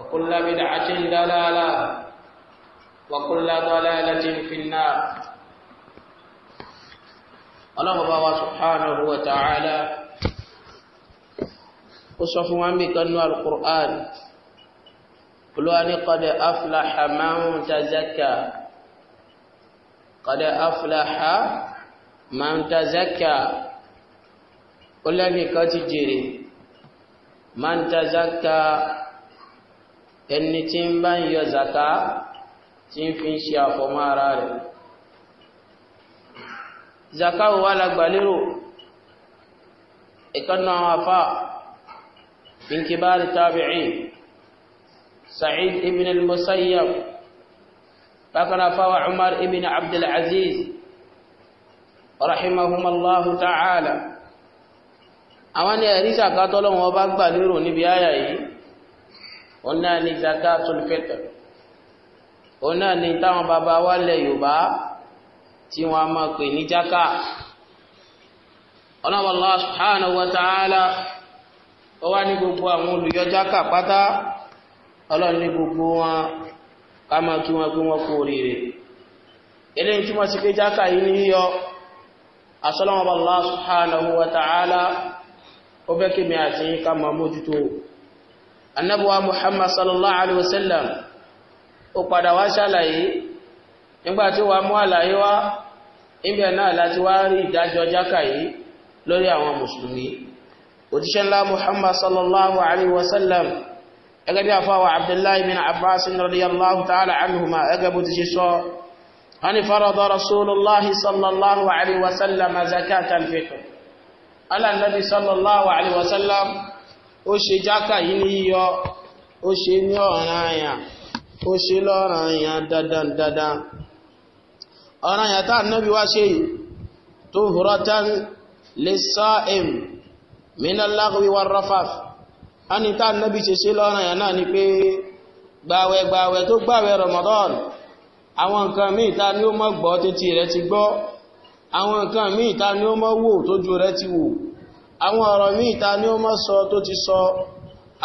وكل بدعة دلالة وكل ضلالة في النار الله سبحانه وتعالى وصف من بكنوا القرآن قلواني قد أفلح من تزكى قد أفلح من تزكى قلواني كتجري من تزكى ẹni tí ń bá ń yọ zaka tí ń fi ń ṣe àfọmọ́ ara rẹ̀ zaka wo wá lágbàlérò ìkànnà àwọn afá min kibari tabi'in sa'id ibn al-musayyab bákan afá wa umar ibn abdul rahimahumallahu ta'ala àwọn ni ẹ̀rí zaka tọ́lọ́wọ́ bá gbàlérò níbi áyà yìí òun náà ni zakatul fitr òun náà ni táwọn bàbá wa lẹ̀ Yorùbá tí wọ́n á máa pè ní jaka ọlọ́wọ́ Allah subhanahu wa ta'ala ó wá ní gbogbo àwọn olùyọ jaka pátá ọlọ́run ní gbogbo wọn ká máa kí wọn pé wọn kú oríire eléyìí tí wọ́n ti pé jaka yìí ní yíyọ asọ́lọ́wọ́ Allah subhanahu wa ta'ala ó fẹ́ kí mi àti ká máa mójútó anábùwá muhammad sallallahu alayhi wa sallam ó padà wá ṣàlàyé nígbà tí wàá mú àlàyé wá níbẹ̀ náà láti wá rí ìdájọ́ jákà yìí lórí àwọn mùsùlùmí òjíṣẹ́ ńlá muhammad sallallahu alayhi wa sallam gẹ́gẹ́ bí afáwà abdullahi bin abbas radiyallahu ta'ala anhuma gẹ́gẹ́ bó ti ṣe sọ wọ́n ni rasulullahi sallallahu alayhi wa sallam zakatan fitr ala nabi sallallahu alayhi wa ó ṣe jákà yìí ní yíyọ ó ṣe ní ọ̀ràn àyàn ó ṣe lọ́ràn àyàn dandan dandan ọ̀ràn àyàn tá ànábì wá ṣe yìí tó hùrọ̀ tán lè sọ èm mìíràn lágùwí wà rọ́fàf á tá ànábì ṣe ṣe lọ́ràn àyàn náà ni pé gbàwẹ̀ gbàwẹ̀ tó gbàwẹ̀ Ramadan àwọn nǹkan míì ta ni ó mọ̀ gbọ́ tètè rẹ̀ ti gbọ́ àwọn nǹkan míì ta ni ó mọ̀ wò tójú rẹ̀ ti wò àwọn ọ̀rọ̀ míì ta ni ó mọ́ sọ tó ti sọ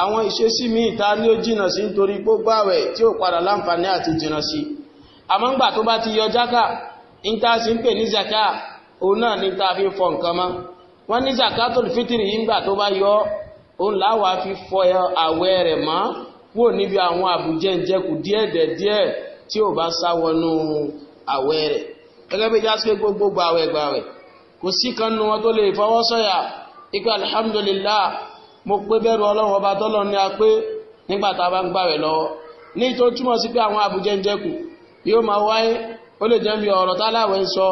àwọn ìṣesí míì ta ni ó jìnà sí nítorí gbogbo àwẹ̀ tí ó padà láǹfààní àti jìnà sí àmọ́ ńgbà tó bá ti yọ jákà níta sí ń pè ní zaka òun náà ní ta fi fọ nǹkan mọ́ wọ́n ní zakatul fitiri yìí ńgbà tó bá yọ òun láwa fi fọ àwẹ̀ rẹ̀ mọ́ kúrò níbi àwọn àbújẹ́ ìjẹkù tí ò bá sá wọnú àwẹ̀ rẹ̀ gẹ́gẹ́ bí jásípé gbogbo gbàwẹ̀ kò sí kan nu wọn tó lè fọwọ́ sọ̀yà ikú alhamdulillah mo pé bẹ́rù ọlọ́run ọba tọ́lọ́run ni a pé nígbà tá a bá ń gbàwẹ̀ lọ́wọ́ ní tó túmọ̀ sí pé àwọn àbújẹ́njẹ́kù yóò máa wáyé ó lè jẹ́ níbi ọ̀rọ̀ táláwẹ̀ ń sọ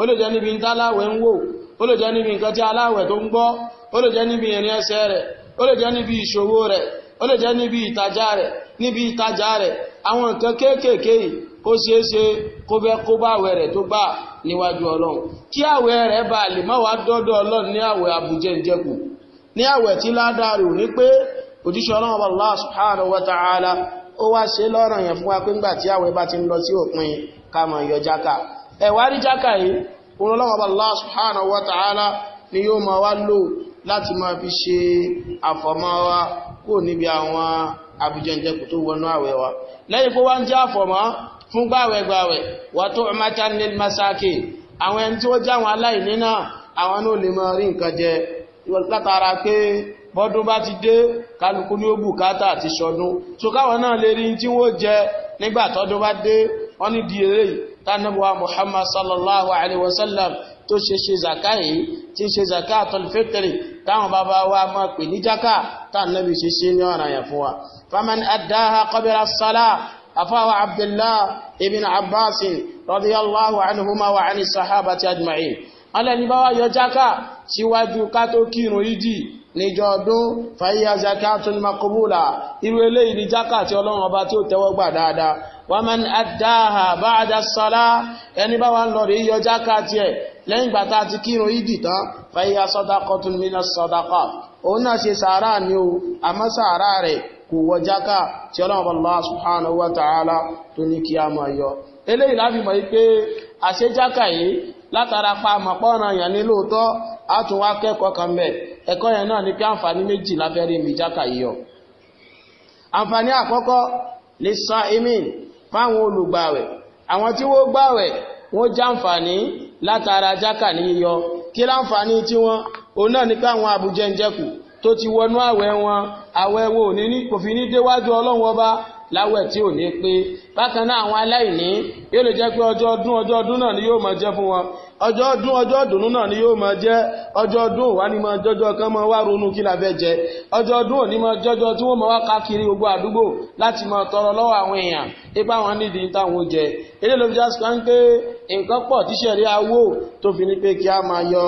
ó lè jẹ́ níbi táláwẹ̀ ń wò ó lè jẹ́ níbi nǹkan tí aláwẹ̀ tó ń gbọ́ ó lè jẹ́ níbi ìrìn ẹsẹ̀ rẹ̀ ó lè jẹ́ níbi ìṣòwò rẹ̀ ó lè jẹ́ níbi ìtajà rẹ̀ níbi ìtajà rẹ̀ àwọn nǹkan kéékèèké ó ṣeé ṣe kó bẹ́ kó bá àwẹ̀ rẹ̀ tó gbà níwájú ọlọ́run kí àwẹ̀ rẹ̀ bá lè má wá dọ́dọ̀ ọlọ́run ní àwẹ̀ àbújẹ́ ìjẹ́kù ní àwẹ̀ tí ládàá rò ní pé òjíṣẹ́ ọlọ́run Allah subhanahu wa ta'ala ó wá ṣe lọ́rọ̀ yẹn fún wa pé ńgbà tí àwẹ̀ bá ti ń lọ sí òpin ká yọ jáka ẹ̀wà rí jáka yìí ọlọ́run Allah subhanahu wa ta'ala ni yóò máa wá lò láti wa kúrò níbi àwọn àbújẹ́ ìjẹ́kù tó wọnú àwẹ̀ wa lẹ́yìn pé fún gbàwẹ̀gbàwẹ̀ wàtó ọmọkànlẹ̀ masáàkì àwọn ẹni tí ó já wọn aláìní náà àwọn náà lè máa rí nǹkan jẹ látara pé bọ́dún bá ti dé kálukú ní ó bùkátà àti ṣọdún so káwọn náà lè rí tí wọ́n jẹ nígbà tọ́dún bá dé wọ́n ní di eré tánàbùwà Muhammad sallallahu alaihi wasallam tó ṣe ṣe zaka yìí tí ṣe zaka àtọ̀lùfẹ́tẹ̀rì táwọn bàbá wa máa pè ní jákà ṣe ṣe ní ọ̀ràn yẹn fún wa faman adáha qabla as afáwà abdullahi ibn abbasin radiyallahu anhuma wa ani sahabati ajma'in alẹ́ni bá wá yọ jáká síwájú ká tó kírun ìdí níjọ ọdún fàyíyà zakatul makobula irú eléyìí ni jáká tí ọlọ́run ọba tí ó tẹ́wọ́ gbà dáadáa wọ́n máa ń dáhà bá àdásọ́lá ẹni bá wá ń lọ rí yọ jáká tiẹ̀ lẹ́yìn ìgbà tá a ti kírun ìdí tán fàyíyà sọ́dákọ́tún mínà sọ́dákọ́ òun náà ṣe sàárà ni o àmọ́ sàárà rẹ̀ kò wọ jákà tí ọlọ́run Allah subhanahu wa ta'ala tó ní kí a máa yọ eléyìí láfi mọ̀ pé àṣẹ jákà yìí látara pa àmọ̀pọ̀ràn yẹn ní lóòótọ́ a tún wá kẹ́kọ̀ọ́ kan bẹ̀ ẹ̀kọ́ yẹn náà ni pé àǹfààní méjì láfẹ́ rí mi jákà yìí yọ àǹfààní àkọ́kọ́ lè sọ èmi fáwọn olùgbàwẹ̀ àwọn tí wọ́n gbàwẹ̀ wọ́n jàǹfààní látara jákà ní yíyọ kí láǹfààní tí òun náà ní pé àwọn àbújẹ́ ń jẹ́kù tó ti wọnú àwẹ̀ wọn àwẹ̀ wọn ò ní ní kò fi ní déwájú ọlọ́run ọba láwẹ̀ tí ò ní pé bákan náà àwọn aláìní yóò lè jẹ́ pé ọjọ́ ọdún ọjọ́ ọdún náà ni yóò máa jẹ́ fún wọn ọjọ́ ọdún ọjọ́ ọdún náà ni yóò máa jẹ́ ọjọ́ ọdún wà ní máa jọjọ́ kan máa wá ronú kí la jẹ ọjọ́ ọdún òní máa jọjọ́ tí wọ́n máa wá káàkiri gbogbo àdúgbò láti máa tọrọ lọ́wọ́ àwọn èèyàn ipá wọn nídìí táwọn jẹ eré ló fi já pé nǹkan pọ̀ tíṣẹ̀rí awó tó fi ní pé kí a máa yọ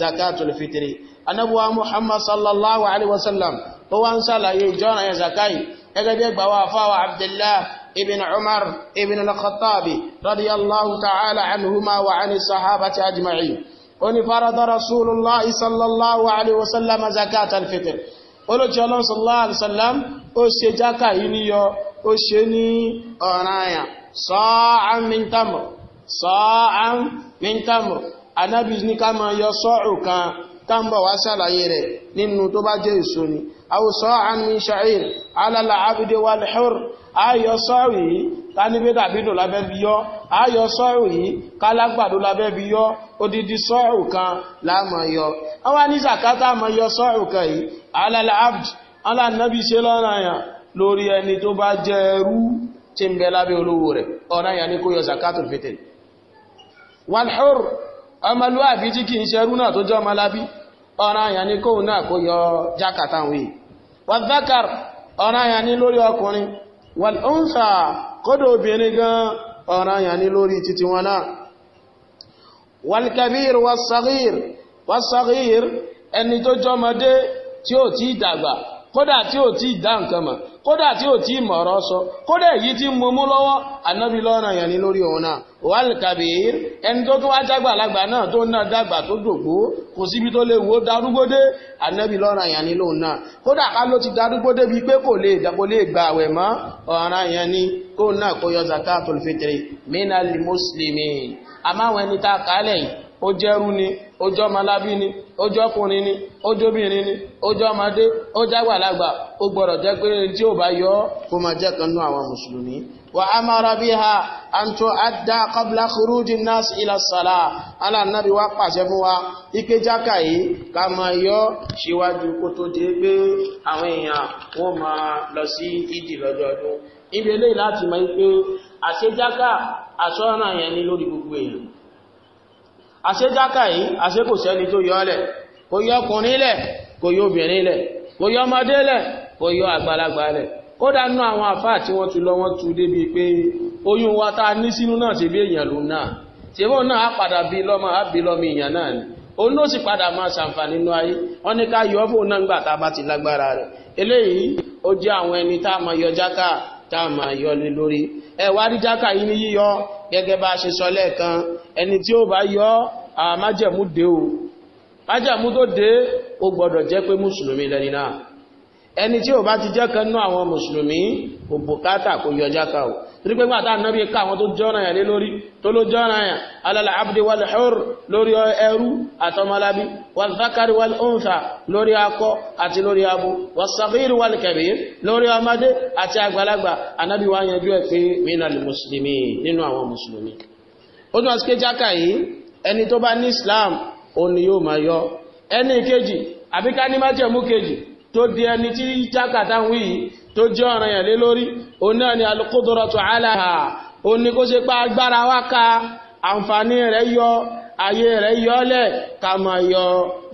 zakatul fitri anábúwa muhammad sallallahu alaihi wasallam tó wá ń sàlàyé ìjọ́nà yẹn zakai ẹgbẹ́ bí ẹgbà wà fáwà abdullah ibn umar ibn al-khattabi radiyallahu ta'ala anhuma wa ani sahabati ajma'in oni farada rasulullah sallallahu alaihi wasallam zakat al-fitr olóòtú ọlọ́run sallallahu alaihi wasallam ó ṣe jákà yìí níyọ ó ṣe ní ọ̀ranyàn sa'an min tamr sa'an min tamr anábì ní ká máa yọ kan táǹbà wá sàlàyé rẹ̀ nínú tó bá jẹ́ èso ni àwòsọ́ àmì ṣàìr alálà abúdé wà lẹ́hùr ayọ̀ sọ́ọ̀rì yìí ká níbi dàbídò lábẹ́ bí yọ́ ayọ̀ sọ́ọ̀rì yìí ká lágbàdo lábẹ́ bí yọ́ odidi sọ́ọ̀rù kan láàmà yọ àwọn ní zakata àmà yọ sọ́ọ̀rù kan yìí alálà abúdé alánàbí ṣe lọ́nà yàn lórí ẹni tó bá jẹ́ ẹrú tí ń bẹ lábẹ́ olówó rẹ̀ ọ̀nà yà ní kó yọ zakatul fitr wal hur ọmọlúwàbí tí kì í náà tó jẹ́ ọmọlábí ọ̀ràn àyàn ni kóhùn náà kó yọ jákàtà wí wàzákàr ọ̀ràn àyàn ni lórí ọkùnrin wàlúùnsà kódò obìnrin gan ọ̀ràn àyàn ni lórí títí wọn náà wàlkabir wàsàgír wàsàgír ẹni tó jọmọdé tí ó ti dàgbà kódà tí ò tí ì dá nǹkan mọ̀ kódà tí ò tí ì mọ̀ ọ̀rọ̀ sọ kódà èyí tí ń mumú lọ́wọ́ ànábi lọ́ràn yẹn ni lórí òun náà wàhálì kàbíyìr ẹni tó tún wá jágbà lágbà náà tó náà dàgbà tó dògbó kò síbi tó lè wo darúgbódé ànábi lọ́ràn yẹn ni lóun náà kódà ká ló ti darúgbódé bíi pé kò lè dàpọ̀ lè gba àwẹ̀ mọ́ ọ̀ràn yẹn ni kóun náà kó yọ zakatul fitri minal ó jẹ́rú ni ó jọ́mọlábí ni ó jọ́kùnrin ni ó jóbìnrin ni ó jọ́mọdé ó jágbàlagbà ó gbọ́dọ̀ jẹ́ pé tí ò bá yọ kó máa wa amara biha an tu'adda qabla khuruji nas ila salah alànàbí wa pàṣẹ fún ike yìí ká máa yọ síwájú kó tó di pé àwọn èèyàn wọ́n máa lọ sí ìdí ibi eléyìí láti yẹn lórí gbogbo èèyàn àṣẹ́jáka yìí àṣẹ́ kò sẹ́ni tó yọ ọ́lẹ̀ kò yọ ọkùnrin lẹ̀ kò yọ obìnrin lẹ̀ kò yọ ọmọdé lẹ̀ kò yọ àgbàlagbà lẹ̀ kódà nú àwọn àfáà tí wọ́n tu lọ wọ́n tu débi pé oyún wa tá a ní sínú náà ṣe bí èèyàn ló náà ṣèwọ́n náà padà bí lọ́mọ á lọ́mọ èèyàn náà ni òun ló sì padà máa ṣàǹfààní nínú ayé wọ́n ní ká yọ fóun náà gbà tá a bá ti lágbára rẹ̀ eléyìí ó jẹ́ àwọn ẹni tá a máa yọ jáká tá a máa yọ ní lórí ẹ wá rí jákà yìí ní yíyọ gẹ́gẹ́ bá a ṣe sọ lẹ́ẹ̀kan ẹni tí ó bá yọ àmájẹ̀mú dé o májẹ̀mú tó dé ó gbọ́dọ̀ jẹ́ pé mùsùlùmí lẹ́ni náà ẹni tí ó bá ti jẹ́ kan náà àwọn mùsùlùmí kò kò yọ o torí pé gbàtà nàbí ká àwọn tó jọ́nà yà lé lórí tó ló jọ́nà yà alala abdi wal hur lórí ẹrú àtọmọlábí wal zakari wal unsa lórí akọ àti lórí abo wal saghir wal kabir lórí ọmọdé àti àgbàlagbà anábí wa yanjú ẹ pé minal mùsùlùmí nínú àwọn mùsùlùmí ó tún àti jákà yìí ẹni tó bá ní islam ó ní yóò máa yọ ẹni kejì àbíká ní májẹ̀mú kejì tó di ẹni tí jákà táwọn yìí tó jẹ́ ọ̀ràn yẹn lé lórí òun náà ni alukodorato alaha òun ni kó ṣe pé agbára wa ka àǹfààní rẹ̀ yọ ayé rẹ̀ yọ ká máa yọ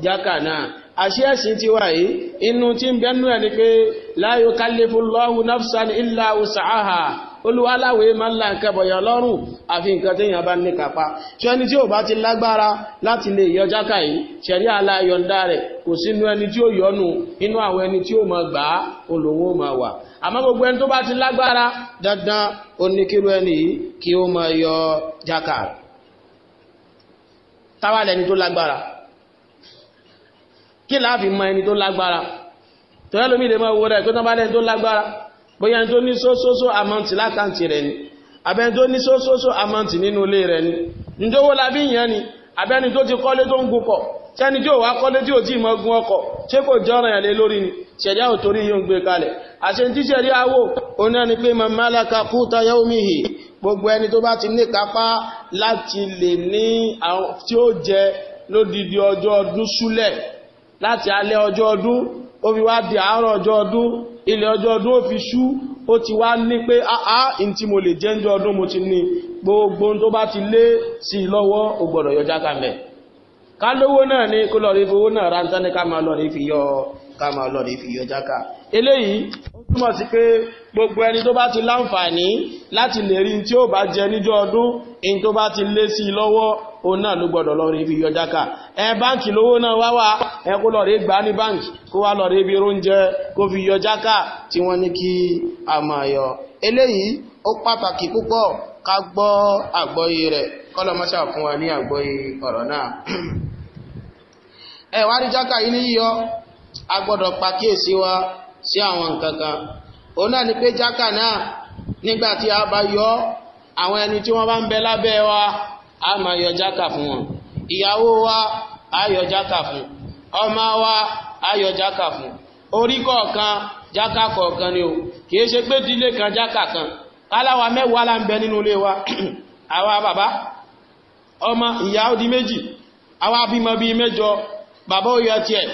jákà náà àṣíẹ̀sìn ti wà yìí inú tí ń bẹ́nu ẹni pé la yukallifullahu nafsan illa wus'aha olúwaláwé máa ń la nǹkan bọ̀yàn lọ́rùn àfi nǹkan tí èèyàn bá ní kápá ṣe ẹni tí ò bá ti lágbára láti lè yọ jákà yìí ṣẹ̀rí aláyọ̀ǹda rẹ̀ kò sínú ẹni tí ó yọnu inú àwọn ẹni tí ó mọ̀ gbà á olówó mọ̀ wà àmọ́ gbogbo ẹni tó bá ti lágbára dandan oníkírú ẹni yìí kí ó mọ̀ yọ jákà táwa lẹni tó lágbára kí láàfin mọ ẹni tó lágbára tọ́yẹ́ lómi lè mọ owó rẹ̀ pé tán bá lẹ́ni tó lágbára bóyá ẹni tó ní sósósó amount lákàntì rẹ̀ ni abẹ́ni tó ní sósósó amount nínú ilé rẹ̀ ni ǹjẹ́ owó labí yẹn ni abẹ́ni tó ti kọ́lé tó ń gukọ̀ tẹ́ni tí ò wá kọ́lé tí ò tí mọ́ gun ọkọ̀ ṣé kò jọ́ràn yẹn lé lórí ni ṣẹ̀dá ò torí yóò gbé kalẹ̀ àṣẹ tí ṣẹ̀dá awò ó náà ni pé mamalaka kúta yaumihi gbogbo ẹni tó bá ti ní kápá láti lè ní tí ó jẹ lódidi ọjọ́ ọdún súlẹ̀ láti alẹ́ ọjọ́ ọdún ó fi wá di àárọ̀ ọjọ́ ọdún ilẹ̀ ọjọ́ ọdún ó fi ṣú ó ti wá ní pé àá in tí mo lè jẹ ń jọ ọdún mo ti ní gbogbo tó bá ti lé sí i lọ́wọ́ ò gbọ́dọ̀ yọ jáka náà ní kó lọ́ọ̀rí fowó náà rántá ká máa lọ́ọ̀rí fi yọ ká máa lọ́ọ̀rí fi yọ jáka eléyìí túmọ̀ sí pé gbogbo ẹni tó bá ti láǹfààní láti lè rí tí ó bá jẹ níjọ́ ọdún in tó bá ti lé sí lọ́wọ́ òun náà ló gbọ́dọ̀ lọ rí ibi yọjáka ẹ báǹkì lówó náà wá wá ẹ kó lọ rí gbà ní báǹkì kó wá lọ ibi oúnjẹ kó fi yọjáka tí wọ́n ní kí a máa yọ eléyìí ó pàtàkì púpọ̀ ká gbọ́ àgbọ́yé rẹ̀ kọ́lọ́mọ́sà fún wa ní àgbọ́yé ọ̀rọ̀ náà ẹ wá rí jáka yìí ní yíyọ a gbọ́dọ̀ pàkíyèsí wa sí àwọn nǹkan kan òun náà ni pé jákà náà nígbà tí a bá yọ àwọn ẹni tí wọ́n bá ń bẹ wa a máa yọ jákà fún wọn ìyàwó wa a yọ jákà fún ọmọ wa a yọ jákà fún orí kọ̀ọ̀kan jákà kọ̀ọ̀kan ni o kìí ṣe pé dílé kan jákà kan aláwa mẹ́wàá la ń bẹ nínú ilé wa àwa bàbá ọmọ ìyá ó di méjì àwa bímọ bíi mẹ́jọ bàbá ó yọ tiẹ̀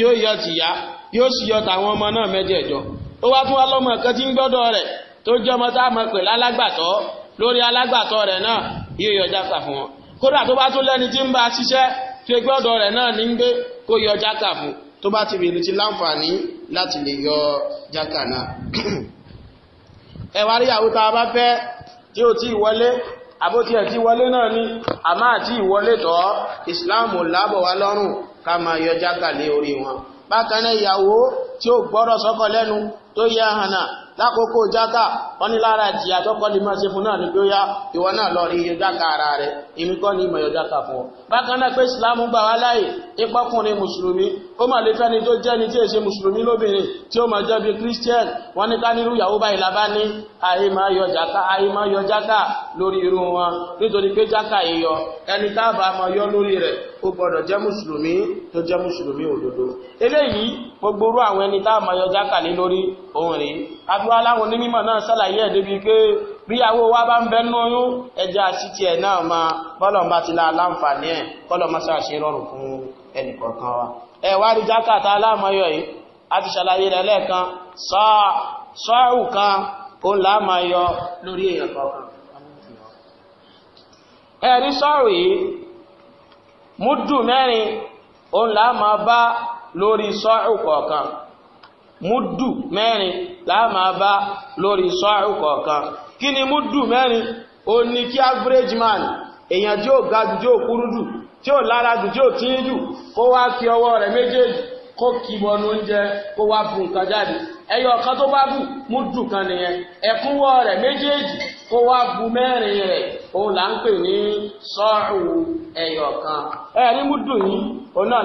yóò yọ tìyá yóò sì yọ tàwọn ọmọ náà mẹ́jẹ̀ẹ̀jọ ó wá fún wa lọ́mọ kan tí ń gbọ́dọ̀ rẹ̀ tó jẹ́ ọmọ tá a mọ̀ pé lálágbàtọ́ lórí alágbàtọ́ rẹ̀ náà yóò yọ jáka fún wọn kódà tó bá tún lẹ́ni tí ń bá a ṣiṣẹ́ tó gbọ́dọ̀ rẹ̀ náà ní gbé kó yọ jáka fún tó bá ti bìrì ti láǹfààní láti lè yọ jáka náà. ẹ wá rí àwọn a bá fẹ́ tí ó ti wọlé àbótí ẹ̀ ti wọlé náà ni àmọ́ àti ìwọlé tọ́ ìsìláàmù lábọ̀ wá lọ́rùn ká máa yọ jáka lé orí wọn bákan náà ìyàwó tí ó gbọ́rọ̀ sọ́kọ lẹ́nu tó yẹ hànà lákòókò jáka wọn ní lára ìjìyà tọkọ lè máa ṣe fún náà ní pé ó yá ìwọ náà lọ rí iye jáka ara rẹ èmi kọ́ ìmọ̀ ìyọ̀ jáka fún ọ. bákan pé ìsìlámù gbà wá láàyè ipọ́kùnrin mùsùlùmí ó mà lè fẹ́ni tó jẹ́ ni tí è ṣe mùsùlùmí lóbìnrin tí ó mà jẹ́ bí christian wọ́n ní ká nírú ìyàwó báyìí la bá ní àyè máa yọ jáká àyè máa yọ jáká lórí irú wọn nítorí pé jáká yíyọ ẹni tá a bá máa yọ lórí rẹ̀ ó gbọ́dọ̀ jẹ́ mùsùlùmí tó jẹ́ mùsùlùmí òdodo eléyìí gbogbo orú àwọn ẹni tá a máa yọ jáká lé lórí òun rèé abúlé aláwọn onímọ̀ náà ṣàlàyé ẹ̀ débi pé bíyàwó wa bá ń bẹnu oyún ẹjẹ àṣìtì ẹ náà máa bọlọmọ bá ti la láǹfààní ẹ kọlọmọ sáà ṣe rọrùn fún ẹnìkọ̀ọ̀kan wa ẹ̀wà rí jákàtà aláàmọ́yọ̀ yìí a ti ṣàlàyé rẹ̀ lẹ́ẹ̀kan sọ́ọ̀rù kan òun láàmọ́yọ̀ lórí èèyàn kọ̀ọ̀kan ẹ̀rí sọ́ọ̀rù yìí múdù mẹ́rin òun láàmọ́ bá lórí sọ́ọ̀rù kọ̀ọ̀kan múdù mẹ́rin láàmọ́ bá lórí sọ́ọ̀rù kọ̀ọ̀kan kí ni múdù mẹ́rin ó ní kí average man èèyàn tí ó ga jù tí ó kúrú jù tí ó lára jù tí ó tí ń jù kó wá fi ọwọ́ rẹ̀ méjèèjì kó kì bọnu oúnjẹ kó wá bu nǹkan jáde ẹyọ kan tó bá bù mú kan nìyẹn ẹ̀kúnwọ́ rẹ̀ méjèèjì kó wá bu mẹ́rin rẹ̀ òun là ń pè ní sọ́ọ̀rù ẹyọ mú dùn òun náà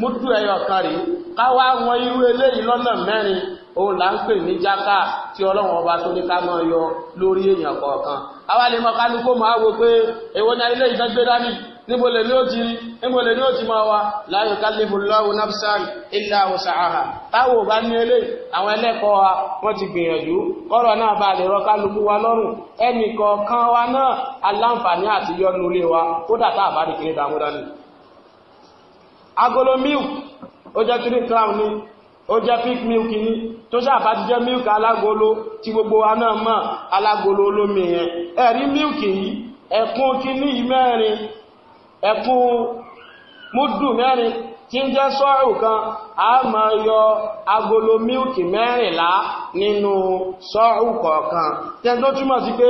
múdù ẹyọ kan rèé káwá wọn irú eléyìí lọ́nà mẹ́rin òun là ń pè ní jáká tí ọlọ́run ọba tó ní ká máa yọ lórí èèyàn kọ̀ọ̀kan àwa lè mọ kálukó máa wo pé èwo ni ilé ìtàn gbé dání níbo lè ní ó ti níbo lè ní ó ti máa wá la yukallifu Allahu nafsan illa wus'aha táwọn ò bá ní eléyìí àwọn ẹlẹ́kọ̀ọ́ wa wọ́n ti gbìyànjú kọ́rọ̀ náà bá lè rọ kálukú wa lọ́rùn ẹnì kọ̀ọ̀kan wa náà aláǹfààní àti yọ́nú wa kódà tá àbá nìkiri dàmúdání agolo milk ó jẹ́ three crown ni ó jẹ́ pink milk ni tó ṣàbá ti jẹ́ milk alágolo tí gbogbo wa náà mọ̀ alágolo olómi yẹn ẹ̀rí milk yìí ẹ̀kún kíní mẹ́rin ẹ̀kún múdù mẹ́rin tí ń jẹ́ sọ́ọ̀rù kan a máa yọ agolo mílkì mẹ́rìnlá nínú sọ́ọ̀rù kọ̀ọ̀kan tẹ́ tó túmọ̀ sí pé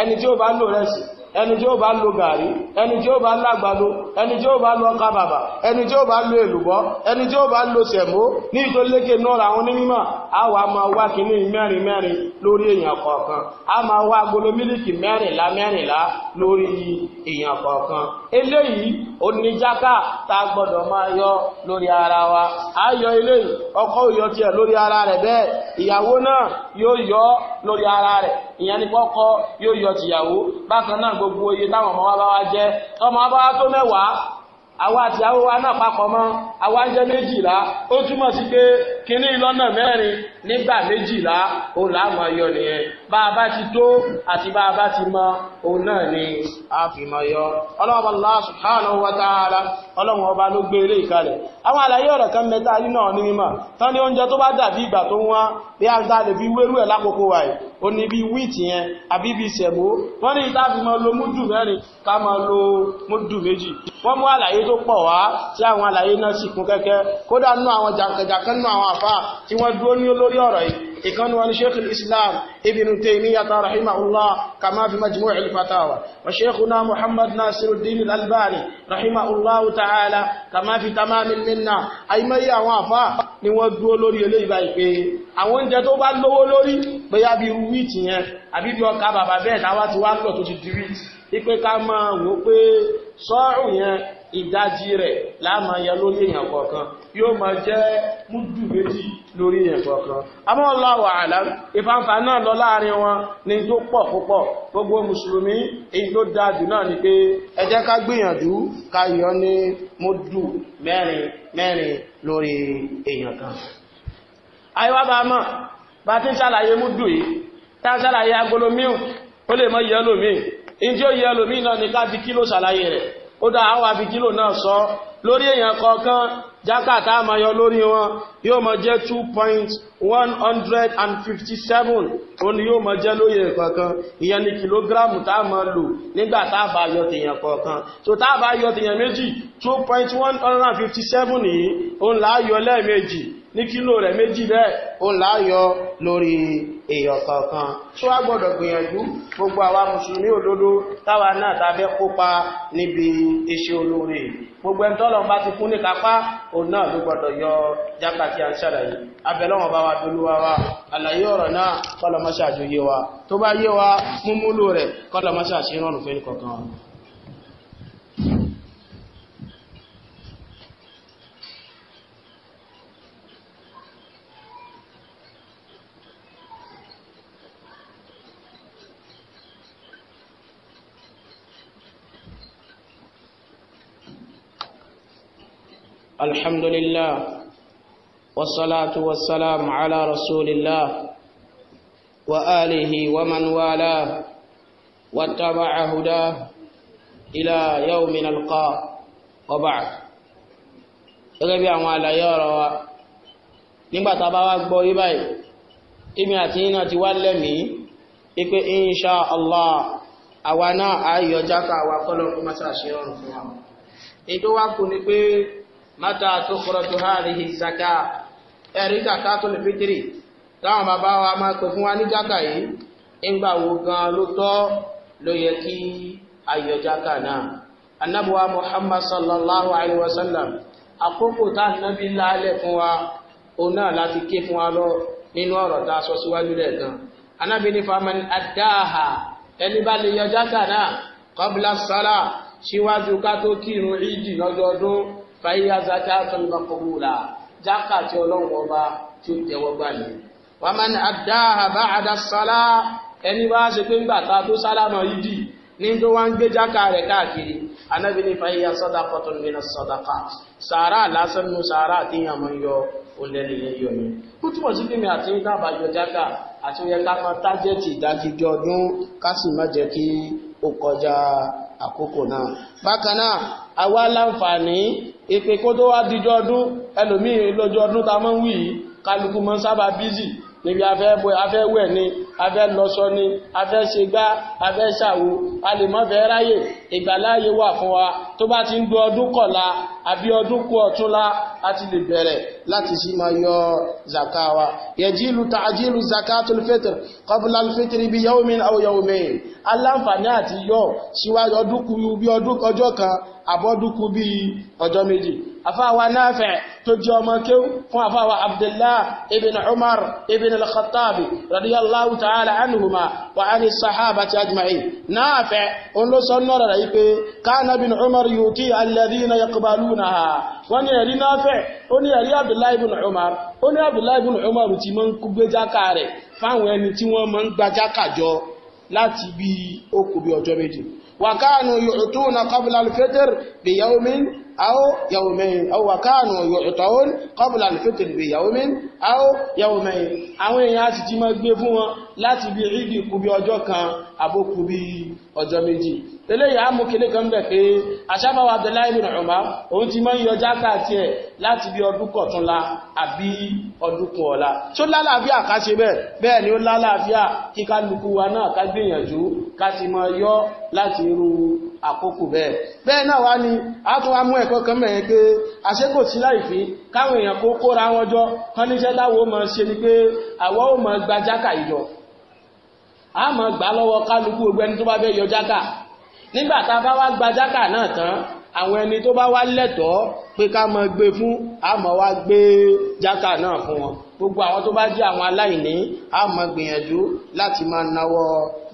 ẹni tí ó bá lò rẹ̀ sí ẹni tí ó bá lo gàrí ẹni tí ó bá lágbàdo ẹni tí ó bá lo ọkà bàbà ẹni tí ó bá lo èlùbọ́ ẹni tí ó bá lo sẹ̀mó ní ìtòlékè nọ́ra àwọn onímọ̀ a wà máa wá kìíní mẹ́rin mẹ́rin lórí èèyàn kọ̀ọ̀kan a máa wá agolo mílìkì mẹ́rìnlá mẹ́rìnlá lórí èèyàn kọ̀ọ̀kan eléyìí oníjáká tá gbọ́dọ̀ máa yọ lórí ara wa a yọ eléyìí ọkọ yọ tiẹ̀ lórí ara rẹ̀ bẹ́ẹ̀ ìyàwó náà yóò yọ lórí ara rẹ̀ ìyẹn ni kọ́kọ́ yóò yọ tìyàwó bákan náà gbogbo iye táwọn ọmọ wa bá wá jẹ́ ọmọ wa bá tó mẹ́wàá àwa àti àwọn wa náà papọ̀ mọ́ àwa jẹ́ méjìlá ó túmọ̀ sí pé kíní lọ́nà mẹ́rin nígbà méjìlá òun là máa yọ nìyẹn bá a bá ti tó àti bá a bá ti mọ òun náà ni a fi máa yọ. ọlọ́run Allah subhanahu wa ta'ala ọlọ́run ọba ló gbé eré ìkalẹ̀. àwọn àlàyé ọ̀rọ̀ kan mẹ́ta yìí náà ní mímọ̀ tán ní oúnjẹ tó bá dàbí ìgbà tó wọ́n bí a ta lè fi wérú ẹ̀ lákòókò wa ó ní bí wíìtì yẹn àbí bí sẹ̀mó wọ́n ní ìta fi máa lo múdù mẹ́rin ká máa lo múdù méjì wọ́n mú àlàyé tó pọ̀ wá tí àwọn àlàyé náà sì kún kẹ́kẹ́ kódà nú àwọn jàǹkàjàǹkà nú àwọn àfà tí wọ́n dúró ní olórí ọ̀rọ̀ yìí ìkanu wani sheikh islam ibn taymiyyah ta rahimahullah kama fi majmu' al-fatawa wa sheikhuna muhammad nasiruddin al-albani rahimahullah ta'ala kama fi tamam al-minna ay mai àwọn àfà ni wọ́n dúró lórí eléyìí báyìí pé àwọn oúnjẹ tó bá lówó lórí bóyá bí irú wheat yẹn àbí bí ọkà bàbà bẹ́ẹ̀ táwa wá lọ tó ti di wheat ipe ká máa wò pé sọ́ọ̀rù yẹn ìdajì rẹ̀ láàmà ya lórí èèyàn kọ̀ọ̀kan yóò máa jẹ́ múdù méjì lórí èèyàn kọ̀ọ̀kan àmọ́ Allahu a'lam ìfàǹfà náà lọ láàrin wọn ní tó pọ̀ púpọ̀ gbogbo mùsùlùmí èyí tó dájú náà ni pé ẹ jẹ́ ká gbìyànjú ká yọ ní múdù mẹ́rin mẹ́rin lórí èèyàn kan àyíwá bá mọ̀ bá ti ń ṣàlàyé múdù yìí tá ń ṣàlàyé agolo míù ó lè mọ yẹ lómi ó dá àwọn àfi kílò náà sọ lórí èèyàn kọ̀ọ̀kan jákàtà àmàyọ lórí wọn yóò mọ jẹ́ two point one hundred and fifty seven òun ni yóò mọ jẹ́ lóye kọ̀ọ̀kan ìyẹn ni kìlógíráàmù tá a máa lò nígbà tá a bá yọ tèèyàn kọ̀ọ̀kan tó tá a bá méjì two point one hundred and fifty seven yìí òun là á yọ lẹ́ẹ̀mejì ní kílò rẹ̀ méjì bẹ́ẹ̀ ó láyọ lórí èèyàn kọ̀ọ̀kan tó wá gbọ́dọ̀ gbìyànjú gbogbo àwa mùsùlùmí òdodo táwa náà tàbí kópa níbi iṣẹ́ olóore gbogbo ẹni tọ́lọ̀ bá ti kún ní kápá òun náà ló gbọ́dọ̀ yọ jápa tí a ń ṣàlàyé abẹ́lọ́wọ̀n bá wa dolúwa wa àlàyé ọ̀rọ̀ náà kọ́lọ́mọ́ṣà jò yé wa tó bá yé wa múmúlò rẹ̀ kọ́lọ́mọ́ṣà ṣe rọrùn fẹ́ nìkọ̀ọ̀kan الحمد لله والصلاة والسلام على رسول الله وآله ومن والاه واتبع هداه إلى يوم نلقاه وبعد gẹ́gẹ́ bí àwọn àlàyé ọ̀rọ̀ wa nígbà tá a bá wá gbọ́ yí báyìí èmi àti yín náà ti wá lẹ́mìí wípé insha allah àwa náà àyọjá ká àwa kọ́lọ́ kó má fún wa èyí wá kù ni pé mata tukhraju hadhihi zaka ẹ̀rí zakatul fitri táwọn bàbá wa máa pè fún wa ní jáka yìí ńgbà wo gan ló tọ́ ló yẹ kí ayọ̀ jáka náà anabuwa muhammad sallallahu alayhi wa sallam àkókò tá nàbí lálẹ́ fún wa òun náà láti ké fún wa lọ nínú ọ̀rọ̀ tá a sọ síwájú rẹ̀ gan anabi ní faman adáha ẹni bá lè yọ jáka náà qabla sala síwájú ká tó kírun ìdì lọ́dọọdún fàyíyá zaka tún bá kọ́ wúlà jáka tí ọlọ́run ọba tí ó tẹ́wọ́ gbà ní. wàá máa ní adáhà bá àdá sálá ẹni bá ṣe pé ńgbà ta tó sálámà yìí dì ní tó wá ń gbé jáka rẹ̀ káàkiri anábì ní fàyíyá sọ́dàkọ́ tó ń gbé náà sọ́dàkà sàárà lásán nu sàárà àtìyàn máa ń yọ olẹ́lẹ̀ yẹn yọ ni. ó túmọ̀ sí pé mi àti dábàá yọ jáka àti ó yẹ ká máa tájẹ́tì ìdájíjọ ọdún ká sì má jẹ́ kí ó kọjá àkókò náà bákan náà àwa láǹfààní ìpè kó tó wá dijọ́ ọdún ẹlòmíì lójú ọdún ta mọ́ ń wí mọ́ sábà bízì níbi afẹ́ bọ́ afẹ́ wẹ̀ ni afẹ́ lọ́sọ ni afẹ́ ṣègbà afẹ́ ṣàwo a lè mọ́ fẹ́ ráyè ìgbàláyè wà fún wa tó bá ti ń du ọdún kọ̀la àbí ọdún kù ọ̀túnla a ti lè bẹ̀rẹ̀ láti ṣì máa yọ zaka wa. yajilu ta'jilu zakatul fitr qabla al-fitri bi yawmin aw yawmayn aláǹfààní àti yọ síwájú ọdún kù bí ọjọ́ kan àbọ̀dún kù bí ọjọ́ méjì afáwa Nafi' tó jẹ́ ọmọ kéwú fún afáwa Abdullah ibn Umar ibn al-Khattabi radiyallahu ta'ala anhuma wa ani sahabati ajma'in Nafi' òun ló sọ nọ́rọ̀ rẹ̀ pé kana ibn Umar yuti alladhina yaqbalunaha wọ́n ní ẹ̀rí Nafi' ó ní ẹ̀rí Abdullah ibn Umar ó ní Abdullah ibn Umar ti mọ́ ń gbé jáka rẹ̀ fáwọn láti bí okùn ọjọ́ méjì wa kanu yu'tuna qabla al-fitr bi yawmin أو يومين أو وكانوا يعطون قبل الفطر بيوم أو يومين àwọn èèyàn á ti jí máa gbé fún wọn láti bí ìdí kù bí ọjọ́ kan àbó kù bí ọjọ́ méjì eléyìí àmú kílé kan bẹ̀ pé aṣábáwá Abdullahi bin Umar òun ti máa ń yọjá káàtì ẹ̀ láti bí ọdún kọ̀túnla àbí ọdún kan ọ̀la tó lálàáfíà ká ṣe bẹ́ẹ̀ bẹ́ẹ̀ ni ó lálàáfíà kí kálukú wa náà ká gbìyànjú ká ti máa yọ láti irú àkókò bẹ́ẹ̀ bẹ́ẹ̀ náà wá ní a tún wá mú ẹ̀kọ́ kan mẹ́rin pé àṣẹ́kò sí láìfí káwọn èèyàn kó kóra wọn jọ kán níṣẹ́ táwọn ó ṣe ni pé àwọn ó máa gba jákà ìjọ a máa gbà lọ́wọ́ kálukú gbogbo ẹni tó bá fẹ́ yọ jákà nígbà tá a bá wá gba jákà náà tán àwọn ẹni tó bá wá lẹ́tọ̀ọ́ pé ká máa gbé fún a máa wá gbé jákà náà fún wọn gbogbo àwọn tó bá jẹ́ àwọn aláìní a máa gbìyànjú láti máa náwó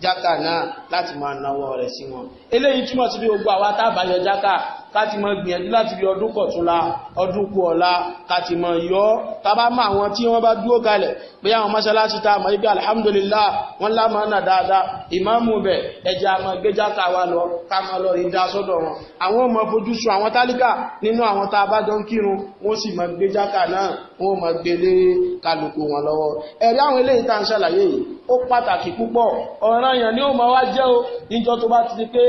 jákà náà láti máa náwó rẹ̀ sí wọn eléyìí túmọ̀ sí bí gbogbo àwa tá a bá yọ jákà káti mọ gbìyànjú láti rí ọdún kọ̀túnla ọdún kú ọ̀la káti mọ yọ tàbá mọ àwọn tí wọ́n bá dúró kalẹ̀ pé àwọn mọ́ṣáláṣí tá a mọ̀ ibi alhamdulillah wọ́n lámọ̀ náà dáadáa ìmáàmù bẹ̀ ẹja àmọ́ gbéjà ká wa lọ ká lọ rí sọ́dọ̀ wọn àwọn ọmọ fojú àwọn tálíkà nínú àwọn tá ń kírun wọ́n sì mọ gbéjà ká náà wọn ò gbé lé kálukú wọn lọ́wọ́ ẹ̀rí àwọn eléyìí tá ń ṣàlàyé yìí ó pàtàkì púpọ̀ ọ̀ranyàn ni ó máa wá jẹ́ o níjọ́ tó bá ti di pé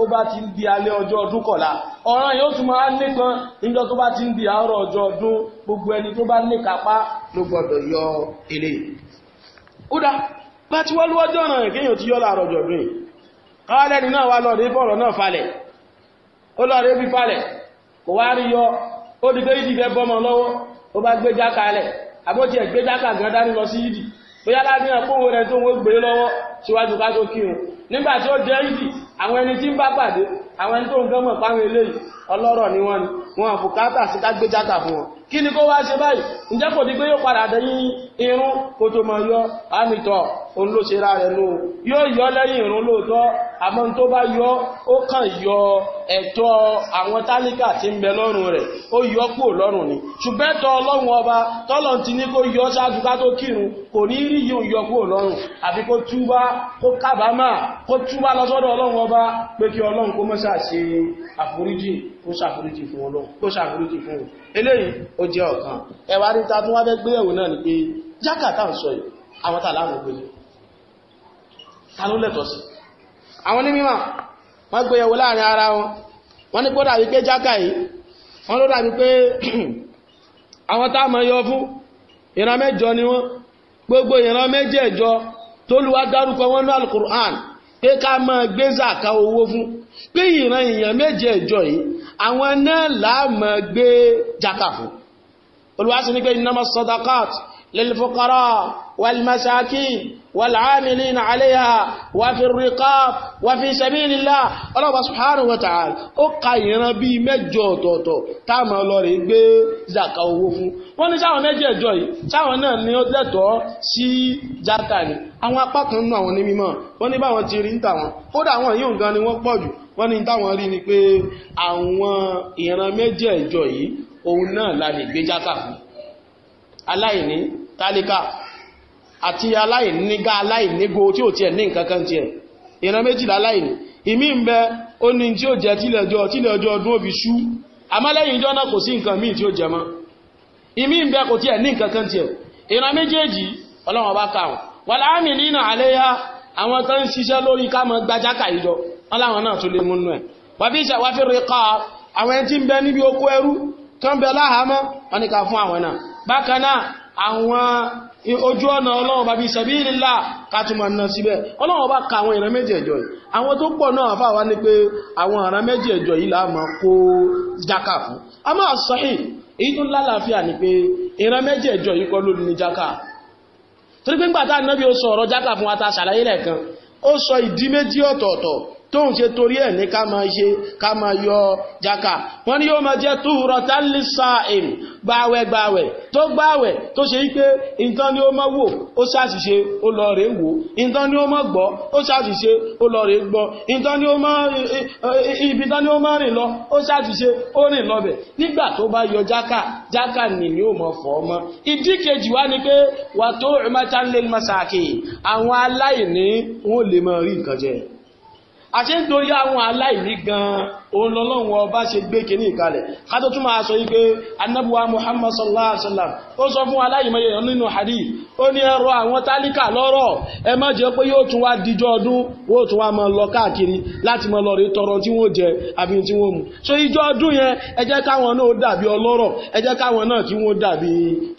ó bá ti ń di alẹ́ ọjọ́ ọdún kọ̀la ọ̀ranyàn ó tún máa nìkan níjọ́ tó bá ti ń di àárọ̀ ọjọ́ ọdún gbogbo ẹni tó bá ní kápá ló gbọ́dọ̀ yọ eléyìí. ó dá bá ti wọ́n lọ́jọ́ ọ̀ràn yẹn kéèyàn ti yọ láàárọ̀ ọjọ́ ọdún yìí káwálẹ́ni náà wá lọ́ọ̀rẹ́ ó bá gbé jáka lẹ̀ àbótiẹ̀ gbé jáka gan dání lọ sí yídì bóyá láti hàn fóun rẹ̀ tó ń gbé lọ́wọ́ síwájú ká tó kírun nígbà tí ó jẹ́ yídì àwọn ẹni tí ń bá pàdé àwọn ẹni tó ń gánmọ̀ páwọn eléyìí ọlọ́rọ̀ ni wọ́n ni wọn àfòkátà sí ká gbé jáka fún wọn kí ni kó wá ṣe báyìí ǹjẹ́ kò di pé yóò padà dẹ́yìn irun kó tó mọ̀ yọ àmì tọ̀ òun ló ṣe ra rẹ̀ nù yóò yọ lẹ́yìn ìrún lóòótọ́ àmọ́ tó bá yọ ó kàn yọ ẹ̀tọ́ àwọn tálíkà tí ń bẹ lọ́rùn rẹ̀ ó yọ kúrò lọ́rùn ni ṣùgbọ́n ẹ̀tọ́ ọlọ́run ọba tọ́lọ̀ ti ní kó yọ ṣáájú ká tó kírun kò ní rí yóò yọ kúrò lọ́rùn àfi kó túbá kó kábàámà kó túbá lọ ọlọ́run ọba pé kí ọlọ́run kó mọ́ṣà ṣe àforíjì kó ṣàforíjì fún ọlọ́run fún eléyìí ó jẹ́ ọ̀kan ẹ̀wà rí ta tún wá fẹ́ gbéyẹ̀wò náà ni pé jákàtà ń sọ yìí àwọn tà gbé ni ta ló lẹ́tọ̀ sí àwọn ní mímọ̀ wọ́n gbé yẹ̀wò láàrin ara wọn wọ́n ní kódà wípé jákà yìí wọ́n ló dàbí pé àwọn tá mọ̀ yọ fún ìran mẹ́jọ ni wọ́n gbogbo ìran mẹ́jẹ̀ẹ̀jọ tó lùwá dárúkọ wọn ní alukur'an pé ká lil fuqara والمساكين والعاملين عليها وفي الرقاب وفي سبيل الله ọlọ́pàá subhanahu wa ta'ala ó ka ìran bíi mẹ́jọ ọ̀tọ̀ọ̀tọ̀ táàmà lọ rẹ̀ gbé zaka owó fún wọ́n ní sáwọn mẹ́jẹ̀ẹ̀jọ yìí sáwọn náà ni ó lẹ́tọ̀ọ́ sí jata ni àwọn apá kan nú àwọn ní mímọ̀ wọ́n ní báwọn ti rí ń tàwọn kódà àwọn yìí nǹkan ni wọ́n pọ̀ jù wọ́n ní táwọn rí ni pé àwọn ìran mẹ́jẹ̀ẹ̀jọ yìí òun náà la lè gbé jata fún aláìní tálíkà àti aláìnígá aláìnígó tí ò tiẹ̀ ní nǹkankan tiẹ̀ ìran méjìlá aláìní ìmí ń bẹ ó ní tí ó jẹ tílẹ̀jọ́ tílẹ̀jọ́ ọdún òbí ṣú àmọ́lẹ́yìn ìjọ náà kò sí nǹkan míì tí ó jẹ mọ́ ìmí ń bẹ kò tiẹ̀ ní nǹkankan tiẹ̀ ìran méjèèjì ọlọ́run ọba kà wọ́n wà láàmì nínú àléyá àwọn tó ń ṣiṣẹ́ lórí ká ìjọ wọn láwọn náà tó lè bí fi rí ká àwọn tí ń bẹ ojú ọ̀nà ọlọ́run bá bí sabilillah kátùmọ̀ náà síbẹ̀ ọlọ́run bá ka àwọn ìran méjì ẹ̀jọ̀ yìí àwọn tó pọ̀ náà fà wá ní pé àwọn ìran méjì ẹ̀jọ̀ yìí là máa kó jákà fún a máa sahih èyí tó lálàáfíà ni pé ìran méjì ẹ̀jọ̀ yìí kọ́ ló ní torí pé ńgbà tá ànábì ó sọ ọ̀rọ̀ jákà fún wa ta ṣàlàyé lẹ́ẹ̀kan ó sọ ìdí méjì ọ̀tọ̀ọ̀tọ̀ tó ń ṣe torí ẹ̀ ní ká máa ṣe ká máa yọ jaka wọ́n ní yóò máa jẹ́ túhùrọ̀ tálí sáàìm gbàwẹ̀ gbàwẹ̀ tó gbàwẹ̀ tó ṣe wípé nǹkan ni ó máa wò ó ṣàṣìṣe ó lọ rèé wò nǹkan ni ó máa gbọ́ ó ṣàṣìṣe ó lọ rèé gbọ́ nǹkan ni ó máa rìn lọ ó ṣàṣìṣe ó rìn lọbẹ̀ nígbà tó bá yọ jaka jaka nì ni ó mọ̀ fọ́ ọmọ ìdí kejì wá ni pé wà tó ìmọ̀tánlélmasàkì àwọn aláìní wọn ò lè máa rí nǹkan jẹ àṣẹ ń dorí àwọn aláìní gan-an òun lọ́lọ́run ọba ṣe gbé kìíní ìkalẹ̀ ká tó tún máa sọ yìí muhammad sallallahu alaihi wasallam ó sọ fún aláìmọye nínú hadith ó ní ẹ rọ àwọn tálíkà lọ́rọ̀ ẹ má jẹ́ pé yóò tún wá dijọ́ ọdún wọ́n tún wá máa lọ káàkiri láti máa lọ tọrọ tí wọ́n jẹ àbí tí wọ́n mu so ìjọ ọdún yẹn ẹ jẹ́ káwọn náà dàbí ọlọ́rọ̀ ẹ jẹ́ káwọn náà kí wọ́n dàbí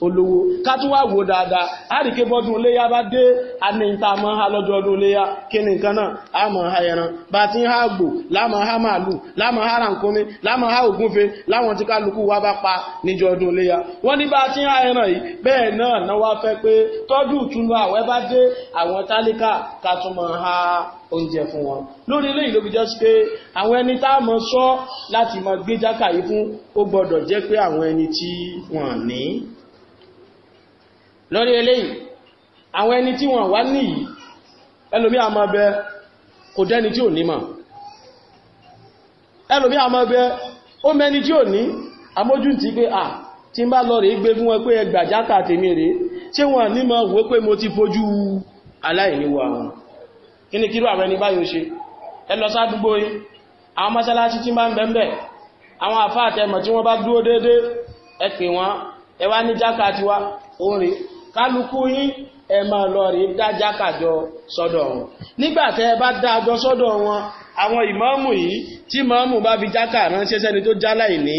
olówó ká tún wá wò dáadáa á rí i pé bọ́dún iléyà bá dé àní ìta máa ń ha lọ́jọ́ ọdún iléyà kí láàmà ha rànkúnmí láàmà ha ògúnfe láwọn tí kálukú wa bá pa níjọ ọdún iléyà wọ́n ní bá ti ń ha ẹran yìí bẹ́ẹ̀ náà náà wá fẹ́ pé tọ́jú ìtúnu àwẹ̀ bá dé àwọn tálíkà ká tún mọ̀ ha oúnjẹ fún wọn lórí eléyìí ló fi jẹ́ sí pé àwọn ẹni tá a mọ̀ sọ láti mọ̀ gbé jákà yìí fún ó gbọ́dọ̀ jẹ́ pé àwọn ẹni tí wọ́n ní lórí eléyìí àwọn ẹni tí wọ́n wá níyì ẹlòmí àmọ́ bẹ kò dẹ́ni tí ò ní mọ̀ ẹlòmí àmọ́ ẹgbẹ́ ó mẹ́ni tí ò ní àmójú ti pé à tí ń bá lọ rèé gbé fún wọn pé tèmi rèé ṣé wọn ní mọ́ wó pé mo ti fojú aláìníwà wọn ni kírú àwọn ẹni báyìí ó ṣe ẹ lọ sádúgbò yìí àwọn mọ́sálásí tí máa ń bẹ̀m̀bẹ̀ àwọn àfáàtẹ̀mọ̀ tí wọ́n bá dúró déédé ẹ pè wọ́n ẹ wá ní jákà tiwa orin kálukú yín ẹ máa lọ rèé dá jákà jọ sọ́dọ̀ wọn nígbà tẹ́ ẹ bá dá jọ sọ́dọ̀ wọn àwọn ìmáàmù yìí tí ìmáàmù bá fi jákà ránṣẹ́ sẹ́ni tó jálà ìní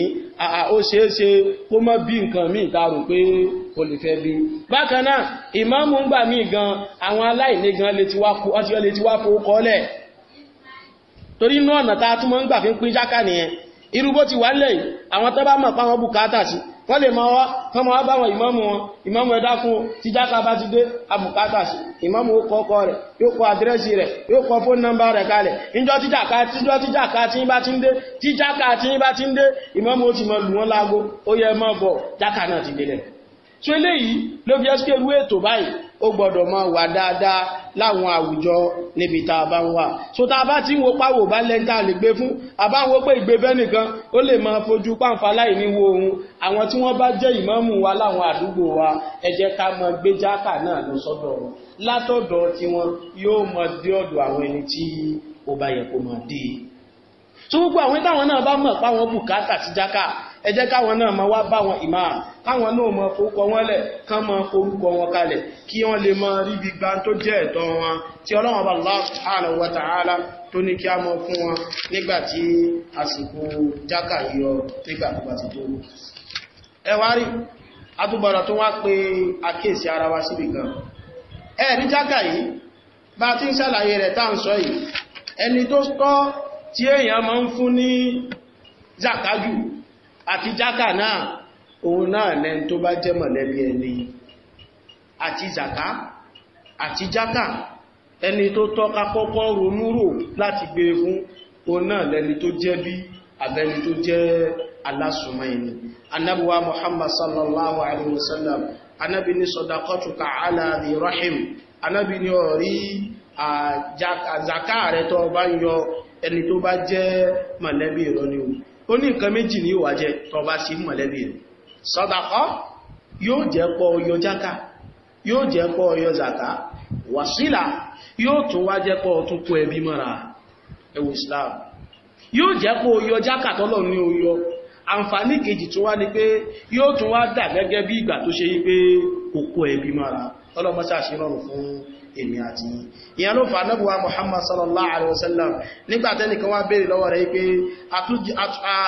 ó ṣeé ṣe kó mọ́ bí nǹkan míì ta rò pé o lè fẹ́ bí. bákan náà ìmáàmù ń gbà míì gan àwọn aláìní gan lè ti wá kó ọtí lè ti wá fowó kọ́lẹ̀ torí inú ọ̀nà tá a tún mọ́ ń gbà fi ń pín jákà nìyẹn irú bó ti wà lẹ́yìn àwọn tó bá mọ̀ pa wọn bùkátà sí wọ́n lè máa wá kán máa bá wọn ìmáàmù wọn ìmáàmù ẹ̀dá fún ti jáka bá ti dé àbùkátà sí ìmáàmù ó kọ́ ọkọ rẹ̀ yóò kọ àdírẹ́sì rẹ̀ yóò kọ fóònù nọ́mbà rẹ̀ kalẹ̀ níjọ́ tí jáka tíjọ́ tí jáka tí bá ti ń dé tí jáka tí bá ti ń dé ìmáàmù ó ti mọ lù wọ́n láago ó yẹ mọ́ bọ̀ jáka náà ti délẹ̀ ó gbọ́dọ̀ máa wà dáadáa láwọn àwùjọ níbi tá a bá ń wà so tá a bá ti ń wo páwò bá lẹ́ńtà lè gbé fún a wo pé ìgbé nìkan ó lè máa fojú pàǹfà láì wo ohun àwọn tí wọ́n bá jẹ́ ìmáàmù wa láwọn àdúgbò wa ẹ jẹ́ ká mọ gbé jákà náà lọ sọ́dọ̀ wọn látọ̀dọ̀ tí wọn yóò mọ dé ọ̀dọ̀ àwọn ẹni tí ó bá yẹ kó mọ dé so gbogbo àwọn táwọn náà bá mọ̀ páwọn bùkátà sí jákà ẹ jẹ́ káwọn náà máa wá bá wọn imam káwọn náà máa forúkọ wọn lẹ̀ kán máa forúkọ wọn kalẹ̀ kí wọ́n lè máa rí ibi gbá tó jẹ́ ẹ̀tọ́ wọn tí ọlọ́run bá Allah subhanahu wa ta'ala tó ní kí a mọ fún wọn nígbà tí àsìkò jákà yọ nígbà tó bá ti tó ẹ wá rí atúbọ̀rọ̀ tó wá pé àkíyèsí ara wa síbi gan ẹ rí jákà yìí bá ti ń ṣàlàyé rẹ̀ tá à ń sọ yìí ẹni tó tọ́ tí èèyàn máa ń fún ní zakaju àti jákà náà òun náà lẹ́n tó bá jẹ́ mọ̀lẹ́bí ẹni àti zàká àti jákà ẹni tó tọ́ka kọ́kọ́ ronúrò láti gbé e fún òun náà lẹ́ni tó jẹ́ bí àbẹ́ni tó jẹ́ alásùnmọ́ ẹni Muhammad sallallahu alaihi wasallam anábí ní sọdakọ́tùkà aláàrí rahim anábí ní ọ̀rí àzàká rẹ̀ tó bá ń yọ ẹni tó bá jẹ́ mọ̀lẹ́bí ìrọ́ni ó ní nǹkan méjì ní ìwà jẹ tó bá sí mọ̀lẹ́bí rẹ̀ sọ́dàkọ́ yóò jẹ́ pọ̀ ọyọ jáká yóò jẹ́ pọ̀ ọyọ zàká wàsílà yóò tún wá jẹ́ pọ̀ ọtún kó ẹbí mọ́ra ẹwù Islam yóò jẹ́ pọ̀ ọyọ jáká tọ́lọ̀ ní ọyọ àǹfààní kejì tún wá ní pé yóò tún wá dà gẹ́gẹ́ bí ìgbà fún èmi àti yín ìyẹn ló fà nábùwá Muhammad sallallahu alaihi wasallam nígbà tẹ́nìkan wá béèrè lọ́wọ́ rẹ̀ pé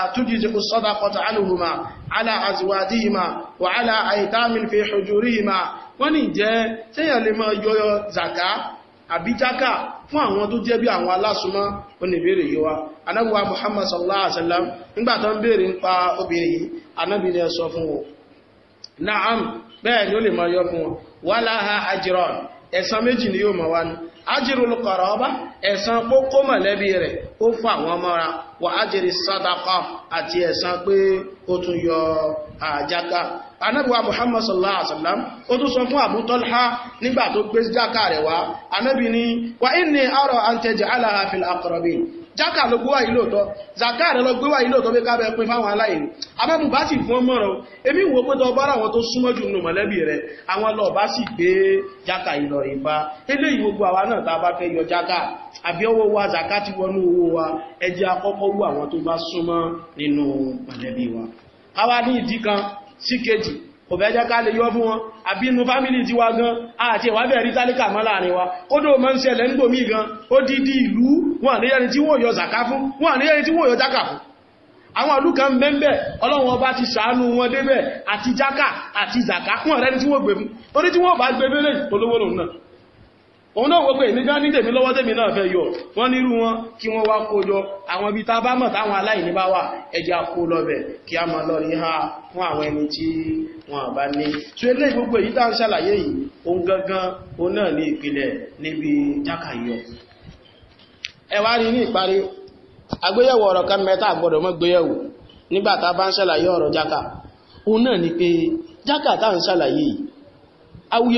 àtújíjì sọ́dàkọta alùhùmá ala azwadihima wa ala aitamin fi hujurihima wọ́n ní jẹ́ tẹ́yàn lè máa yọyọ zaka àbí jákà fún àwọn tó jẹ́ bí àwọn alásùnmọ́ oníbèèrè yìí wá anábùwá Muhammad sallallahu alaihi wasallam nígbà tó ń béèrè yọ fún wọn wala ẹ̀san méjì ni yóò máa wá ní ajírul qaraba ẹ̀san pókó mọ̀lẹ́bí rẹ̀ ó wà ajiri sadaqa àti ẹ̀san pé ó tún yọ anábíwá muhammad sallallahu alaihi wasallam ó tún sọ fún Abu nígbà tó gbé jáká rẹ̀ wá anábí ni wà inni ara an taj'alaha jákà ló gbówà yìí lóòtọ́ zaka rẹ̀ lọ gbówà yìí lóòtọ́ pé ká bẹ́ẹ̀ pín fáwọn aláìní abẹ́bù bá sì fún ọmọ rẹ̀ èmi wò pé tọ́ bára àwọn tó súnmọ́ jù nù mọ̀lẹ́bí rẹ̀ àwọn lọ bá sì gbé jákà yìí lọ ìbá eléyìí àwa náà tá bá fẹ́ yọ jákà àbí owó wa zaka ti wọnú owó wa ẹ jẹ́ wú àwọn tó bá súnmọ́ nínú mọ̀lẹ́bí wa àwa ní ìdí kan sí kò fẹ́ jẹ́ ká lè yọ fún wọn àbí fámílì ti wá gan àti ìwábẹ̀ rí tálíkà mọ́ láàrin wa ó dò mọ́ ń ṣẹlẹ̀ ń gbòmí gan ó dídí ìlú wọn àníyẹni tí wọ́n yọ zàká fún wọn àníyẹni tí wọ́n yọ jákà fún àwọn ìlú kan mẹ́m̀bẹ̀ ọlọ́run ọba ti ṣàánú wọn débẹ̀ àti òun náà wọ́pẹ́ èmi gan ní tèmi lọ́wọ́ tèmi náà fẹ́ yọ wọ́n nírú wọn kí wọ́n wá jọ àwọn ibi tá bá mọ̀ táwọn aláìní bá wà ẹja kó lọ́bẹ̀ kí a máa lọ ha fún àwọn ẹni tí wọ́n bá ní tí ó lé gbogbo èyí tá ń ṣàlàyé yìí ohun gangan òun náà ní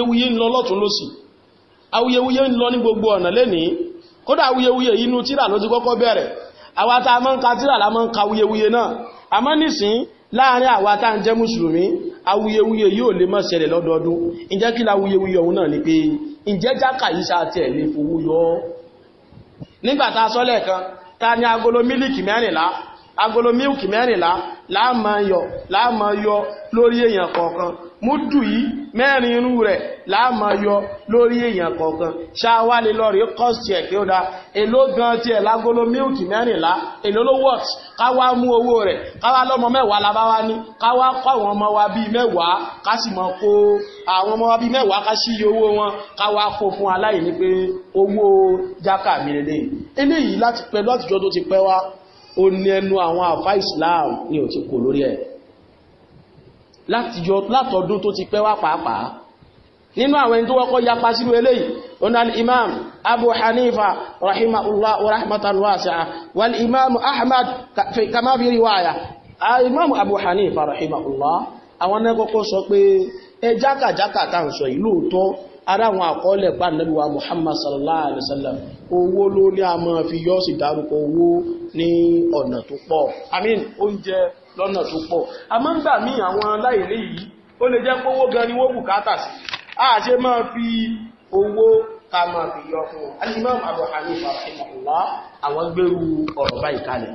ìpìlẹ̀ awuyewuye ń lọ ní gbogbo ọ̀nà lénìí kódà awuyewuye inú tíra ló ti kọ́kọ́ bẹ̀rẹ̀ àwa tá a máa ń ka tíra la máa ń ka awuyewuye náà àmọ́ nísìn láàrin àwa tá à ń jẹ́ mùsùlùmí awuyewuye yóò lè má ṣẹlẹ̀ lọ́dọọdún ǹjẹ́ kí la awuyewuye ọ̀hún náà ni pé ǹjẹ́ jákà yìí ṣe àti ẹ̀lẹ́ fowó yọ ọ́ ta ni agolo mílìkì mẹ́rìnlá agolo mílìkì mẹ́rìnlá láàmà yọ láàmà yọ lórí múdù yìí mẹ́rin irú rẹ̀ láàmà yọ lórí èèyàn kọ̀ọ̀kan ṣáwálé lọ́rí kọ́sì ẹ̀ kí ó dá èló gan ti ẹ̀ lágolo mílkì mẹ́rìnlá èló ló wọ́t káwá mú owó rẹ̀ káwá lọ́mọ mẹ́wàá labáwá ní káwá kọ́ àwọn ọmọ wa bíi mẹ́wàá ká sì mọ̀ kó àwọn ọmọ wa bíi mẹ́wàá ká sí iye owó wọn káwá kó fún aláìní pé owó jákà mi lélẹ́yìn eléyìí láti pẹ́ lọ́tìjọ́ tó ti pẹ́ wá ó ní ẹnu àwọn àfáà ìsìláàmù ni ò ti kò lórí ẹ̀ látọdún tó ti pẹ́ wá pàápàá nínú àwọn ẹni tó wọ́kọ́ yapa sínú eléyìí onan imam abu hanifa rahimahullah wa rahmatan wasi'a wal imam ahmad kama fi riwaya imam abu hanifa rahimahullah àwọn nẹ́kọ́kọ́ sọ pé ẹ jákàjákà tá ń sọ yìí lóòótọ́ ara àwọn àkọọ́lẹ̀ pa Ànábì wa muhammad sallallahu alaihi wasallam owó ló ní a máa fi yọ́ sí dárúkọ owó ní ọ̀nà tó pọ̀ àmín oúnjẹ lọ́nà tó pọ̀ àmọ́ ń gbà mí àwọn aláìlé yìí ó lè jẹ́ pówó gan ni wọ́n bùkátà sí a ṣe máa fi owó ká máa fi yọ fún wọn alimam abu hanifa rahimahullah àwọn gbèrú ọ̀rọ̀ báyìí kalẹ̀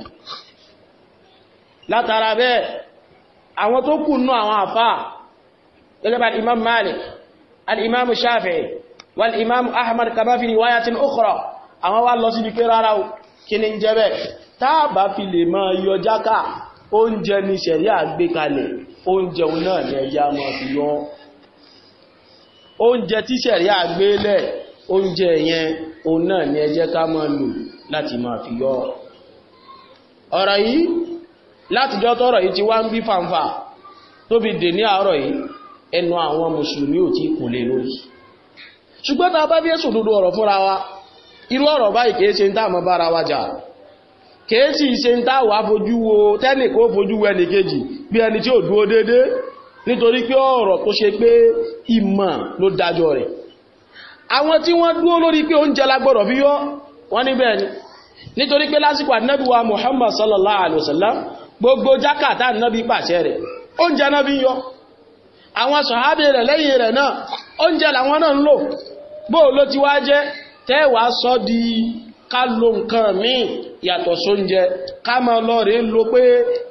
látara bẹ́ẹ̀ àwọn tó kù nú àwọn àfà gẹ́gẹ́ bá imam malik al-imam shafi'i wal-imam ahmad kama fi riwayatin ukhra àwọn wá lọ sí ibi pé rárá o kí ni ń fi lè máa yọ jákà oúnjẹ ni ṣẹ̀ríà gbé kalẹ̀ oúnjẹ náà ni ẹ̀yà máa fi yọ oúnjẹ tí ṣẹ̀ríà gbé lẹ̀ oúnjẹ yẹn òun náà ni ẹ jẹ́ ká máa lò láti máa fi yọ ọ̀rọ̀ yìí látijọ́ tọ́rọ̀ yìí ti wá ń bí fàǹfà tó fi dè ní àárọ̀ yìí ẹnu àwọn mùsùlùmí ò tí kò lè lórí ṣùgbọ́n tá a bá bí ẹ̀sùn dúdú ọ̀rọ̀ fúnra wa irú ọ̀rọ̀ báyìí kìí ṣe ń tá àmọ́ bára wa jà kèésì ṣe ń táwà fojú wo tẹ́nìkó fojú wo ẹnìkejì bí ẹni tí ò dúró déédéé nítorí pé ọ̀rọ̀ tó ṣe pé ìmọ̀ ló dájọ́ rẹ̀ àwọn tí wọ́n dúró lórí pé oúnjẹ lágbọ́dọ̀ fi yọ́ wọ́n níbẹ̀ ni nítorí pé lásìkò ànábíwá Muhammad sallallahu alaihi wasallam gbogbo jákàtà nábi pàṣẹ rẹ̀ oúnjẹ náà fi yọ àwọn sọ̀hábì rẹ̀ lẹ́yìn rẹ̀ náà oúnjẹ làwọn náà ń lò bóò ló ti wá jẹ́ tẹ́wàá sọ di ká lo nǹkan míì yàtọ̀ sóúnjẹ ká máa lọ rèé lo pé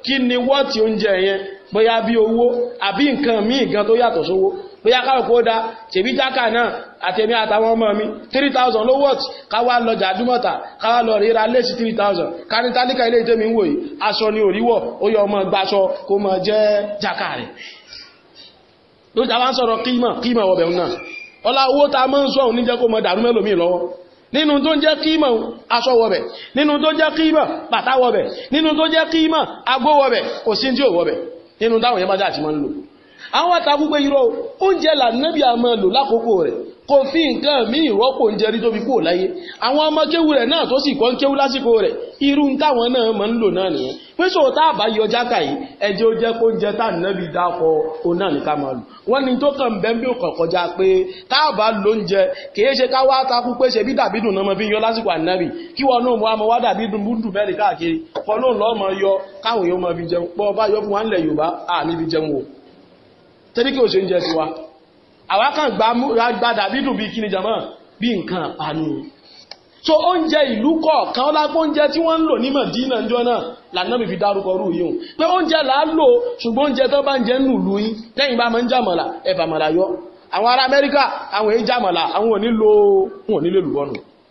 kí ni wọ́ọ̀tì oúnjẹ yẹn bóyá bí owó àbí nǹkan míì gan tó yàtọ̀ sówó bóyá káwọ̀ kó dá tèbí jákà náà àtẹ̀mí àtàwọn ọmọ mi 3000 ló wọ́t káwà lọ jàdúmọ̀ta káwà lọ ríra lẹ́sì 3000 kárí tálíkà ilé ìtẹ́mi ń wòyí aṣọ ni òríwọ̀ ó yọ ọmọ gbaṣọ kó mọ jẹ́ jákà rẹ̀ lójá wá ń sọ̀rọ̀ kímọ̀ kímọ̀ ọbẹ̀ nínú tó jẹ́ kíìmọ̀ aṣọ́wọ̀bẹ̀ nínú tó jẹ́ kíìmọ̀ pàtàwọ̀bẹ̀ nínú tó jẹ́ kíìmọ̀ agbówọ̀bẹ̀ kò sí tí ò wọ́bẹ̀ nínú táwọn yẹn bá jẹ́ àti mọ́ nílò àwọn àtàkùgbé irọ́ oúnjẹ là nẹ́bí àmọ́ lò lákòókò rẹ̀ kò fi nǹkan míì rọ́pò ń jẹrí tó fi kúrò láyé àwọn ọmọ kéwu rẹ̀ náà tó sì kọ́ ń kéwu lásìkò rẹ̀ irú táwọn náà máa ń lò náà nìyẹn pé sọ̀rọ̀ tá a yọ jáka yìí ẹjẹ́ ó jẹ́ kó ń jẹ táà nẹ́bí dákọ̀ ó náà ní ká máa lò wọ́n ní tó kàn bẹ́ẹ̀ bí ó kàn kọjá pé ló ń jẹ kìí ṣe ká wá takú pé ṣe bí dàbí dùn yọ lásìkò ànábì kí wọn náà wá dàbí dùn bẹ́ẹ̀ káàkiri lọ́ yọ káwọn mọ jẹun yọ fún wa ńlẹ̀ Yorùbá àmì jẹun wò kí o ṣe ń àwákàn gbádà bídùn bí kí ni jàmọ́ bí nǹkan àpanu so oúnjẹ ìlú kọ̀ọ̀kan ọlápọ̀ oúnjẹ tí wọ́n ń lò ní Mẹ̀dínà jọ náà lànà mi fi dárúkọ rú yìí pé oúnjẹ là á lò ṣùgbọ́n oúnjẹ tó bá ń jẹ nù lú yín lẹ́yìn bá máa ń jàmọ̀là ẹ̀bàmọ̀là yọ àwọn ará Amẹ́ríkà àwọn èyí jàmọ̀là àwọn ò lò wọn ò ní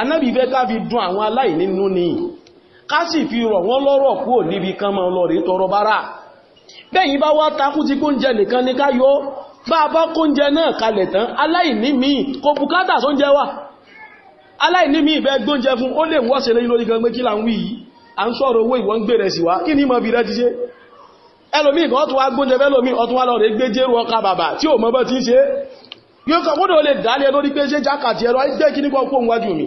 anábì fẹ́ ká fi dùn àwọn aláìní nínú ni ká sì fi rọ̀ wọ́n lọ́rọ̀ kúrò níbi kan máa lọ rí tọrọ bárà bẹ́yìn bá wá takú ti kóúnjẹ nìkan ni ká yọ bá a bá kóúnjẹ náà kalẹ̀ tán aláìní míì kò bùkátà sóúnjẹ wà aláìní míì bẹ́ gbóúnjẹ fún ó lè wọ́sẹ̀ lẹ́yìn lórí gan pé kí là ń wí yìí à ń sọ̀rọ̀ owó ìwọ̀n gbèrè sí wá kí ní mọ̀ yóò kọ̀ kódò lè dálé lórí pé ṣe jákàtì ẹ̀rọ ẹgbẹ́ kí nípa okó wájú mi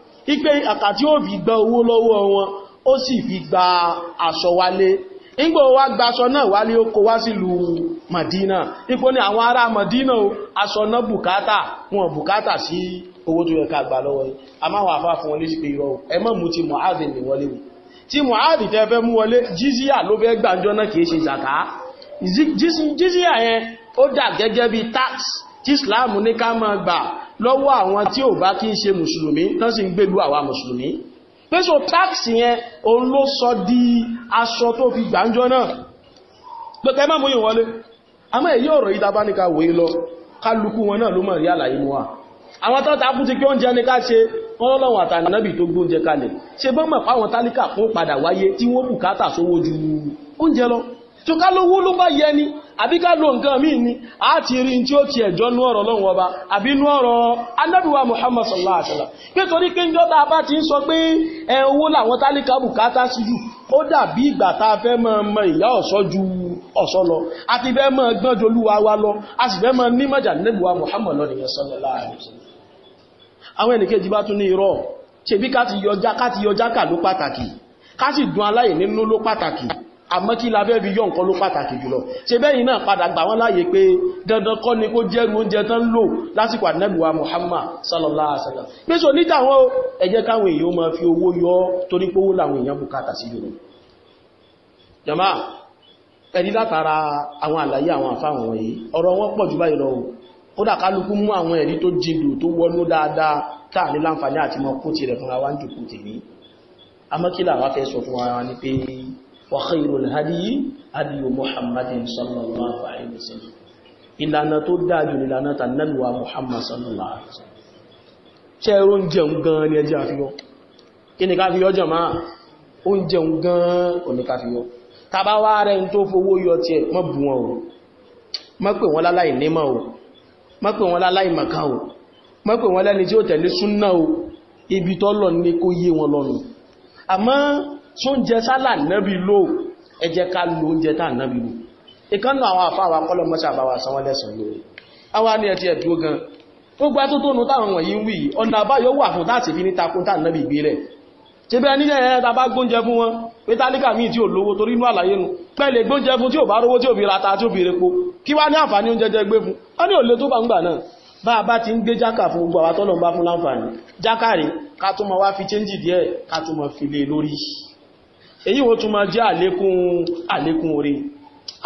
ipé àkàtí ó fi gba owó lọ́wọ́ wọn ó sì fi gba aṣọ wálé nígbò wá gba aṣọ náà wálé ó kó wá sílùú Madina ipò ni àwọn ará Madina aṣọ náà bùkátà wọn bùkátà sí owó tó yẹ ká gbà lọ́wọ́ yìí a máa wà fáfún wọn léṣe pé irọ́ ẹ má mú ti Mu'adh ní wọlé wù tí Mu'adh tẹ́ yẹn ó dà gẹ́gẹ́ bí tax tí Islam ní ká máa gbà lọ́wọ́ àwọn tí ò bá kí ń ṣe mùsùlùmí tán sì ń gbèlú àwa mùsùlùmí pé so táàkì yẹn òun ló sọ di aṣọ tó fi gbàǹjọ náà pẹ̀kẹ́ má mú yìí wọlé àmọ́ èyí ọ̀rọ̀ yìí tàbá ní ká wòye lọ kálukú wọn náà ló mọ̀ rí àlàyé mú wa àwọn tó takú ti pé oúnjẹ ní ká ṣe wọ́n lọ́wọ́ tó gbóúnjẹ kalẹ̀ ṣe bọ́mọ̀ fáwọn tálíkà fún padà wáyé tí wọ́n bùkátà sówó ju oúnjẹ lọ tó ká ló wúlú bá yẹ ni àbí ká nkan nǹkan míì ni a ti rí tí ó ti ẹ̀jọ́ nú ọ̀rọ̀ lọ́wọ́ ọba àbí nú ọ̀rọ̀ anábíwá Muhammad sallallahu alaihi wasallam pé torí kí ń bá ti ń sọ pé ẹ owó làwọn tálíkà bùkátà sí jù ó dàbí ìgbà tá a fẹ́ mọ ìyá lọ a ti fẹ́ mọ gbọ́njọ wa lọ a sì fẹ́ mọ Muhammad lọ nìyẹn sallallahu bá tún ní irọ́ ṣebí ká ti yọjá ká dun aláìní ló pàtàkì àmọ́ kí la fẹ́ fi yọ nǹkan ló pàtàkì jùlọ ṣe bẹ́yìn náà padà gbà wọ́n láàyè pé dandan kọ́ ni kó jẹ́rù oúnjẹ tán lò lásìkò ànẹ́bùwà Muhammad sallallahu alaihi wasallam pèsò níta àwọn ẹ jẹ́ káwọn èèyàn máa fi owó yọ torí pówó làwọn èèyàn bùkátà sí yòrò jama ẹni látara àwọn àlàyé àwọn àfáwọn wọ̀nyí ọ̀rọ̀ wọn pọ̀ jù báyìí lọ kódà kálukú mú àwọn ẹ̀rí tó jindò tó wọnú dáadáa táà ní láǹfààní àti wá fẹ́ sọ fún ara wa pé وخير الهدي هدي محمد صلى الله عليه وسلم ìlànà tó dájú ìlànà tànàlùwà Muhammad sallallahu alaihi wasallam ṣe oúnjẹ gan ní ẹjẹ́ àfihọ́ kí ni ká fi yọ́ jàmá oúnjẹ gan kò ní ká fi yọ́ tàbá wá rẹ̀ tó fowó yọ tí ẹ mọ́ bù wọn o mọ́ pè wọn láláì nímọ̀ o mọ́ pè wọn láláì màká o mọ́ pè wọn lẹ́ni tí ó tẹ̀lé súnnà o ibi tọ́lọ̀ ní kó yé wọn lọ́nu àmọ́ sóúnjẹ sálà nábì lò ẹ jẹ́ ká lo oúnjẹ tá nábì lò ìkánnà àwọn àfá àwọn akọ́lọmọ́sà àbáwà sanwọ́ lẹ́sàn lórí àwọn ní ẹ̀tí ẹ̀dùn gan gbogbo atótónu táwọn wọ̀nyí wì ọ̀nà àbáyọ wà fún láti fi ní takun tá nábì gbé rẹ̀ ṣe bẹ́ẹ̀ nílẹ̀ ẹ̀rẹ́ ta bá gbóúnjẹ fún wọn pé tálíkà míì tí ò lówó torí inú àlàyé nu pẹ́lẹ̀ gbóúnjẹ fún èyí wọ́n tún máa jẹ́ àlékún àlékún orí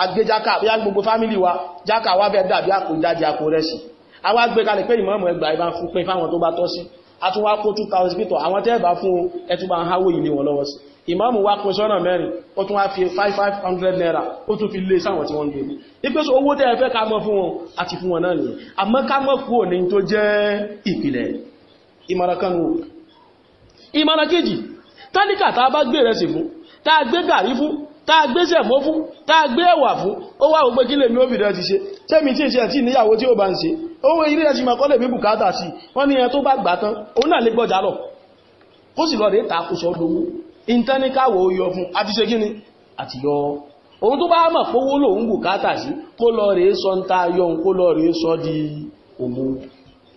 agbé jákà bí á fámílì wa jákà wá bẹ́ẹ̀ dàbí àpò ìdájí àpò rẹ̀ sí àwa gbé kalẹ̀ pé ìmọ̀ọ́mọ̀ ẹgbà ìbá fún pé fáwọn tó bá tọ́ sí a tún wá kó 2000 pítọ̀ àwọn tẹ́ fún ẹtún bá ń naira ó tún fi lé sáwọn tí wọ́n gbé ipé so owó tẹ́ fẹ́ ká mọ́ fún wọn àti fún wọn náà nìyẹn àmọ́ ká gbé rẹ̀ sí fún tá a gbé gàrí fún tá a gbé sẹ̀mọ́ fún tá a gbé ẹ̀wà fún ó wá òpé kí lèmi ó fìdá ti ṣe tẹ́mi tí ìṣẹ́ tí níyàwó tí ó bá ń ṣe owó ilé ẹ̀ṣì máa kọ́ lèmi bùkátà sí wọ́n ní ẹn tó bá gbà tán òun náà lè gbọ́jà lọ kó sì lọ rèé ta kò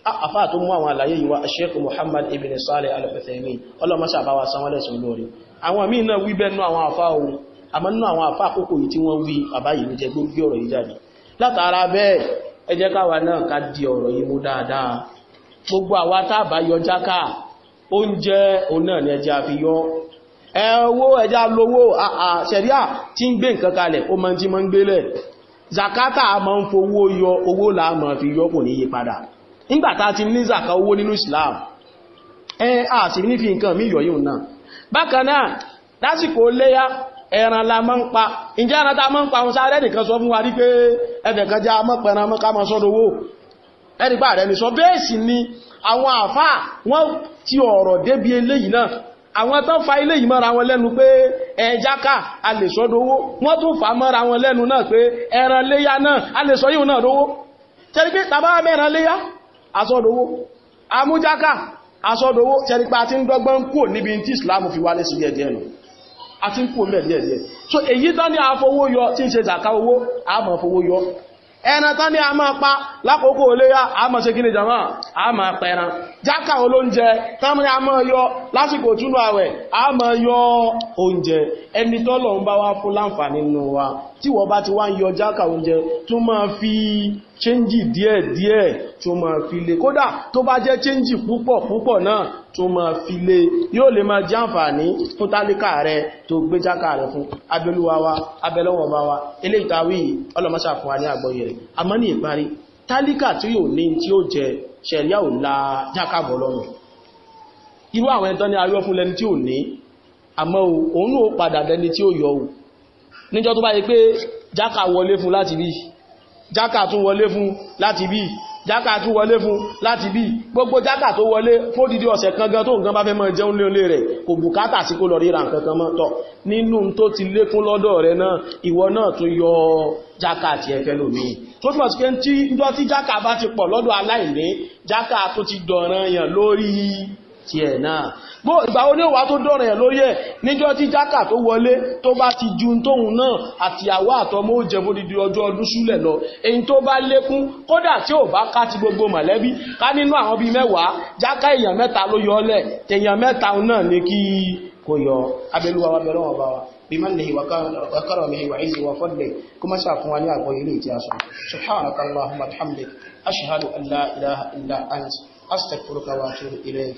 Ah, àfáà tó mú àwọn àlàyé yìí wá Sheikh Muhammad ibn Salih al-Uthaymin ọlọ́mọ́sà bá wa sanwọ́n lẹ́sùn lórí àwọn míì náà wí bẹ́ẹ̀ nú àwọn àfáà ohun àmọ́ nú àwọn àfáà àkókò yìí tí wọ́n wí bàbá yìí ló jẹ́ ọ̀rọ̀ yìí zakata a máa ń fowó yọ owó làá máa fi yọ kò ní yí padà nígbàtà ti ní zaka owó nínú Islam ẹ a sì ní fi nǹkan mí yọ yíò náà bákan lásìkò léyá ẹran la máa ń pa ìjẹ́ ẹran ta máa ń pa ohun sáré nìkan sọ fún wa rí pé ẹnìkan já mọ́ pẹran mọ́ ká mọ́ sọ́dọ̀wó ẹnìpá rẹ̀ ní sọ bẹ́ẹ̀ sì ni àwọn àfáà wọ́n ti ọ̀rọ̀ débi eléyìí náà àwọn tó fa ilé yìí mọ́ra wọn lẹ́nu pé ẹjáká a tàbá mẹ́ran léyá asọ́dowó amújáká asọ́dowó tẹ́rípa àti ń gbọ́gbọ́n kò níbi tí Islam fi wálé sí díẹ̀díẹ̀ nù so èyí tán ní afowó yọ tí ń ṣe zàká owó àmọ́ fowó yọ ẹran tán ní a máa pa lákòókò oléyá àmọ́ ṣe kíni jama àmọ́ pẹran jákà olóúnjẹ tán ní a máa yọ lásìkò túnú àwẹ̀ àmọ́ yọ oúnjẹ ẹni tọ́lọ̀ ń bá wá fún láǹfààní nínú wa tí wọ́n bá ti wá ń yọ jákà oúnjẹ tó máa fi ṣéńjì díẹ̀ díẹ̀ tó máa fi lé kódà tó bá jẹ́ ṣéńjì púpọ̀ púpọ̀ náà tó máa fi lé yóò lè máa jẹ́ àǹfààní fún tálíkà rẹ tó gbé jákà rẹ fún abẹ́lúwa wa wa eléyìí la jákàbọ̀ lọ́rùn irú àwọn ẹ̀tọ́ ni ayọ́ fún lẹni tí ò ní àmọ́ níjọ́ tó bá yẹ pé jákà wọlé fún láti bí jákà tún wọlé fún láti bí jákà tún wọlé fún láti bí gbogbo jákà tó wọlé fódìdí ọ̀sẹ̀ kan gan tó nǹkan bá fẹ́ mọ́ jẹun lé olé rẹ̀ kò bùkátà sí kó lọ ríra nǹkan kan mọ́ tọ̀ nínú tó ti lékún lọ́dọ̀ rẹ̀ náà ìwọ náà tó yọ jákà àti ẹ̀fẹ́ lòmíì tó túnmọ̀ sí tiẹ̀ náà bó ìgbà ó ní òwà tó dọ̀rọ̀ ẹ̀ lóyè níjọ́ tí jákà tó wọlé tó bá ti ju tóun náà àtìyàwó àtọmọ ó jẹ bódidi ọjọ́ ọdún súlẹ̀ lọ èyí tó bá lékún kódà tí ò bá ká ti gbogbo mọ̀lẹ́bí ká nínú àwọn bíi mẹ́wàá jákà èèyàn mẹ́ta ló yọ ọlẹ̀ èèyàn mẹ́ta náà ní kí kò yọ abẹ́lúwa bẹ̀rẹ̀ wọn bá wa بمنه وكرمه وعزه وفضله كما شافوا عليها قويلين تياسو سبحانك اللهم وبحمدك أشهد أن لا إله إلا أنت أستغفرك وأتوب إليك